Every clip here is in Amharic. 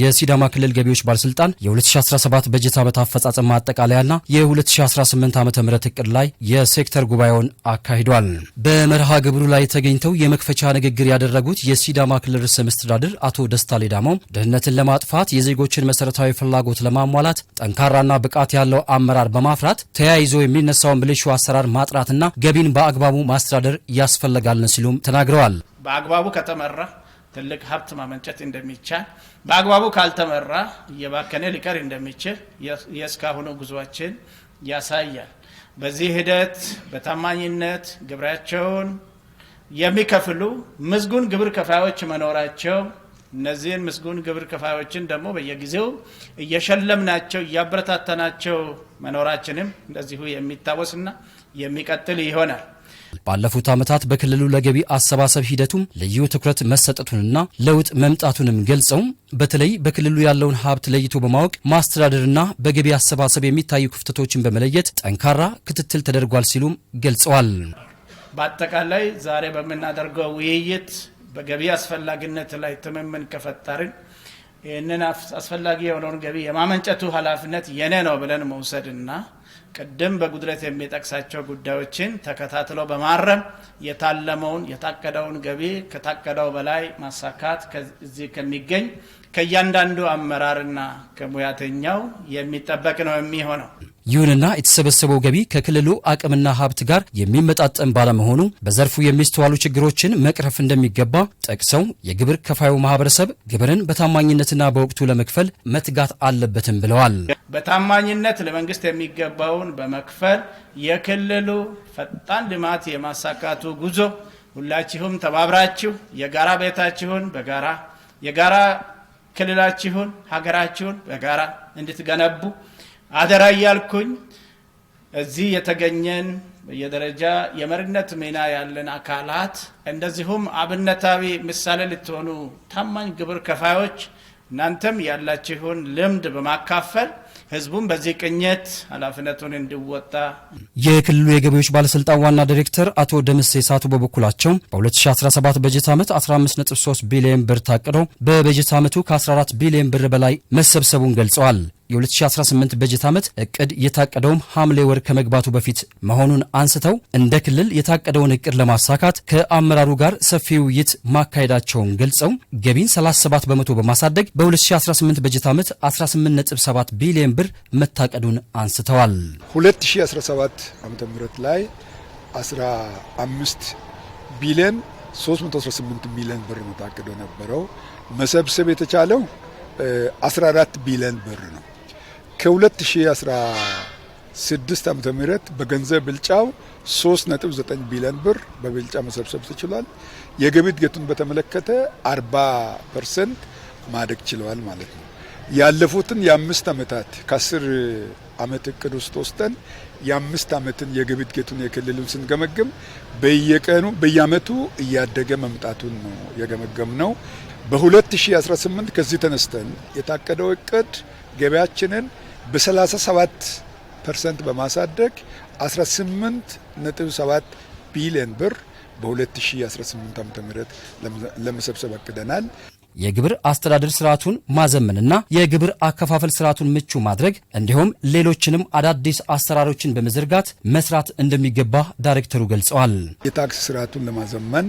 የሲዳማ ክልል ገቢዎች ባለስልጣን የ2017 በጀት ዓመት አፈጻጸም ማጠቃለያና የ2018 ዓ ም እቅድ ላይ የሴክተር ጉባኤውን አካሂዷል። በመርሃ ግብሩ ላይ ተገኝተው የመክፈቻ ንግግር ያደረጉት የሲዳማ ክልል ርዕሰ መስተዳድር አቶ ደስታ ሌዳሞ ድህነትን ለማጥፋት የዜጎችን መሰረታዊ ፍላጎት ለማሟላት ጠንካራና ብቃት ያለው አመራር በማፍራት ተያይዞ የሚነሳውን ብልሹ አሰራር ማጥራትና ገቢን በአግባቡ ማስተዳደር ያስፈልጋልን ሲሉም ተናግረዋል። በአግባቡ ከተመራ ትልቅ ሀብት ማመንጨት እንደሚቻል በአግባቡ ካልተመራ እየባከነ ሊቀር እንደሚችል የእስካሁኑ ጉዟችን ያሳያል። በዚህ ሂደት በታማኝነት ግብራቸውን የሚከፍሉ ምስጉን ግብር ከፋዮች መኖራቸው እነዚህን ምስጉን ግብር ከፋዮችን ደግሞ በየጊዜው እየሸለምናቸው እያበረታተናቸው መኖራችንም እንደዚሁ የሚታወስና የሚቀጥል ይሆናል። ባለፉት ዓመታት በክልሉ ለገቢ አሰባሰብ ሂደቱም ልዩ ትኩረት መሰጠቱንና ለውጥ መምጣቱንም ገልጸው በተለይ በክልሉ ያለውን ሀብት ለይቶ በማወቅ ማስተዳደርና በገቢ አሰባሰብ የሚታዩ ክፍተቶችን በመለየት ጠንካራ ክትትል ተደርጓል ሲሉም ገልጸዋል። በአጠቃላይ ዛሬ በምናደርገው ውይይት በገቢ አስፈላጊነት ላይ ትምምን ከፈጠርን ይህንን አስፈላጊ የሆነውን ገቢ የማመንጨቱ ኃላፊነት የኔ ነው ብለን መውሰድና ቅድም በጉድለት የሚጠቅሳቸው ጉዳዮችን ተከታትሎ በማረም የታለመውን የታቀደውን ገቢ ከታቀደው በላይ ማሳካት እዚህ ከሚገኝ ከእያንዳንዱ አመራርና ከሙያተኛው የሚጠበቅ ነው የሚሆነው። ይሁንና የተሰበሰበው ገቢ ከክልሉ አቅምና ሀብት ጋር የሚመጣጠን ባለመሆኑ በዘርፉ የሚስተዋሉ ችግሮችን መቅረፍ እንደሚገባ ጠቅሰው የግብር ከፋዩ ማህበረሰብ ግብርን በታማኝነትና በወቅቱ ለመክፈል መትጋት አለበትም ብለዋል። በታማኝነት ለመንግስት የሚገባውን በመክፈል የክልሉ ፈጣን ልማት የማሳካቱ ጉዞ ሁላችሁም ተባብራችሁ የጋራ ቤታችሁን በጋራ የጋራ ክልላችሁን ሀገራችሁን በጋራ እንድትገነቡ አደራ እያልኩኝ እዚህ የተገኘን በየደረጃ የመሪነት ሚና ያለን አካላት እንደዚሁም አብነታዊ ምሳሌ ልትሆኑ ታማኝ ግብር ከፋዮች እናንተም ያላችሁን ልምድ በማካፈል ህዝቡም በዚህ ቅኘት ኃላፊነቱን እንዲወጣ የክልሉ የገቢዎች ባለስልጣን ዋና ዲሬክተር አቶ ደምሴ ሳቱ በበኩላቸው በ2017 በጀት ዓመት 15.3 ቢሊዮን ብር ታቅዶ በበጀት ዓመቱ ከ14 ቢሊዮን ብር በላይ መሰብሰቡን ገልጸዋል። የ2018 በጀት ዓመት እቅድ የታቀደውም ሐምሌ ወር ከመግባቱ በፊት መሆኑን አንስተው እንደ ክልል የታቀደውን እቅድ ለማሳካት ከአመራሩ ጋር ሰፊ ውይይት ማካሄዳቸውን ገልጸው ገቢን 37 በመቶ በማሳደግ በ2018 በጀት ዓመት 18.7 ቢሊዮን ብር መታቀዱን አንስተዋል። 2017 ዓ ም ላይ 15 ቢሊዮን 318 ሚሊዮን ብር ነው ታቅዶ ነበረው። መሰብሰብ የተቻለው 14 ቢሊዮን ብር ነው። ከ2016 ዓመተ ምህረት በገንዘብ ብልጫው 3.9 ቢሊዮን ብር በብልጫ መሰብሰብ ተችሏል። የገቢ እድገቱን በተመለከተ 40 ፐርሰንት ማደግ ችለዋል ማለት ነው። ያለፉትን የአምስት ዓመታት ከአስር ዓመት እቅድ ውስጥ ወስጠን የአምስት ዓመትን የገቢ እድገቱን የክልሉን ስንገመግም በየቀኑ በየአመቱ እያደገ መምጣቱን ነው የገመገም ነው። በ2018 ከዚህ ተነስተን የታቀደው እቅድ ገበያችንን በ37 ፐርሰንት በማሳደግ 18.7 ቢሊዮን ብር በ2018 ዓ.ም ለመሰብሰብ አቅደናል። የግብር አስተዳደር ስርዓቱን ማዘመንና የግብር አከፋፈል ስርዓቱን ምቹ ማድረግ እንዲሁም ሌሎችንም አዳዲስ አሰራሮችን በመዘርጋት መስራት እንደሚገባ ዳይሬክተሩ ገልጸዋል። የታክስ ስርዓቱን ለማዘመን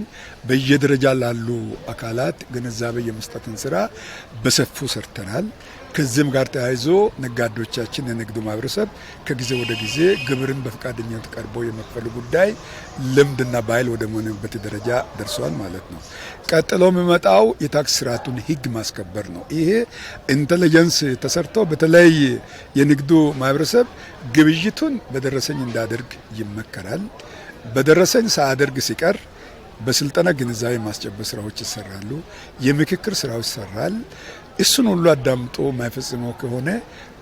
በየደረጃ ላሉ አካላት ግንዛቤ የመስጠትን ስራ በሰፊው ሰርተናል። ከዚህም ጋር ተያይዞ ነጋዴዎቻችን፣ የንግዱ ማህበረሰብ ከጊዜ ወደ ጊዜ ግብርን በፈቃደኝነት ቀርቦ የመክፈል ጉዳይ ልምድና ባህል ወደ መሆንበት ደረጃ ደርሷል ማለት ነው። ቀጥሎ የሚመጣው የታክስ ስርዓቱን ህግ ማስከበር ነው። ይሄ ኢንቴሊጀንስ ተሰርቶ በተለይ የንግዱ ማህበረሰብ ግብይቱን በደረሰኝ እንዳደርግ ይመከራል። በደረሰኝ ሳያደርግ ሲቀር በስልጠና ግንዛቤ ማስጨበጥ ስራዎች ይሰራሉ። የምክክር ስራዎች ይሰራል። እሱን ሁሉ አዳምጦ የማይፈጽመው ከሆነ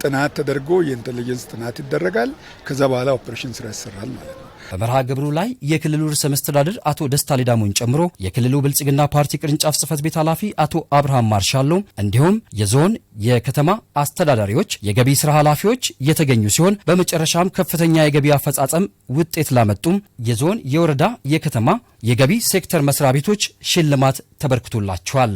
ጥናት ተደርጎ የኢንቴሊጀንስ ጥናት ይደረጋል። ከዛ በኋላ ኦፕሬሽን ስራ ይሰራል ማለት ነው። በመርሃ ግብሩ ላይ የክልሉ ርዕሰ መስተዳድር አቶ ደስታ ሌዳሞን ጨምሮ የክልሉ ብልጽግና ፓርቲ ቅርንጫፍ ጽህፈት ቤት ኃላፊ አቶ አብርሃም ማርሻሎ እንዲሁም የዞን የከተማ አስተዳዳሪዎች፣ የገቢ ስራ ኃላፊዎች የተገኙ ሲሆን በመጨረሻም ከፍተኛ የገቢ አፈጻጸም ውጤት ላመጡም የዞን የወረዳ የከተማ የገቢ ሴክተር መስሪያ ቤቶች ሽልማት ተበርክቶላቸዋል።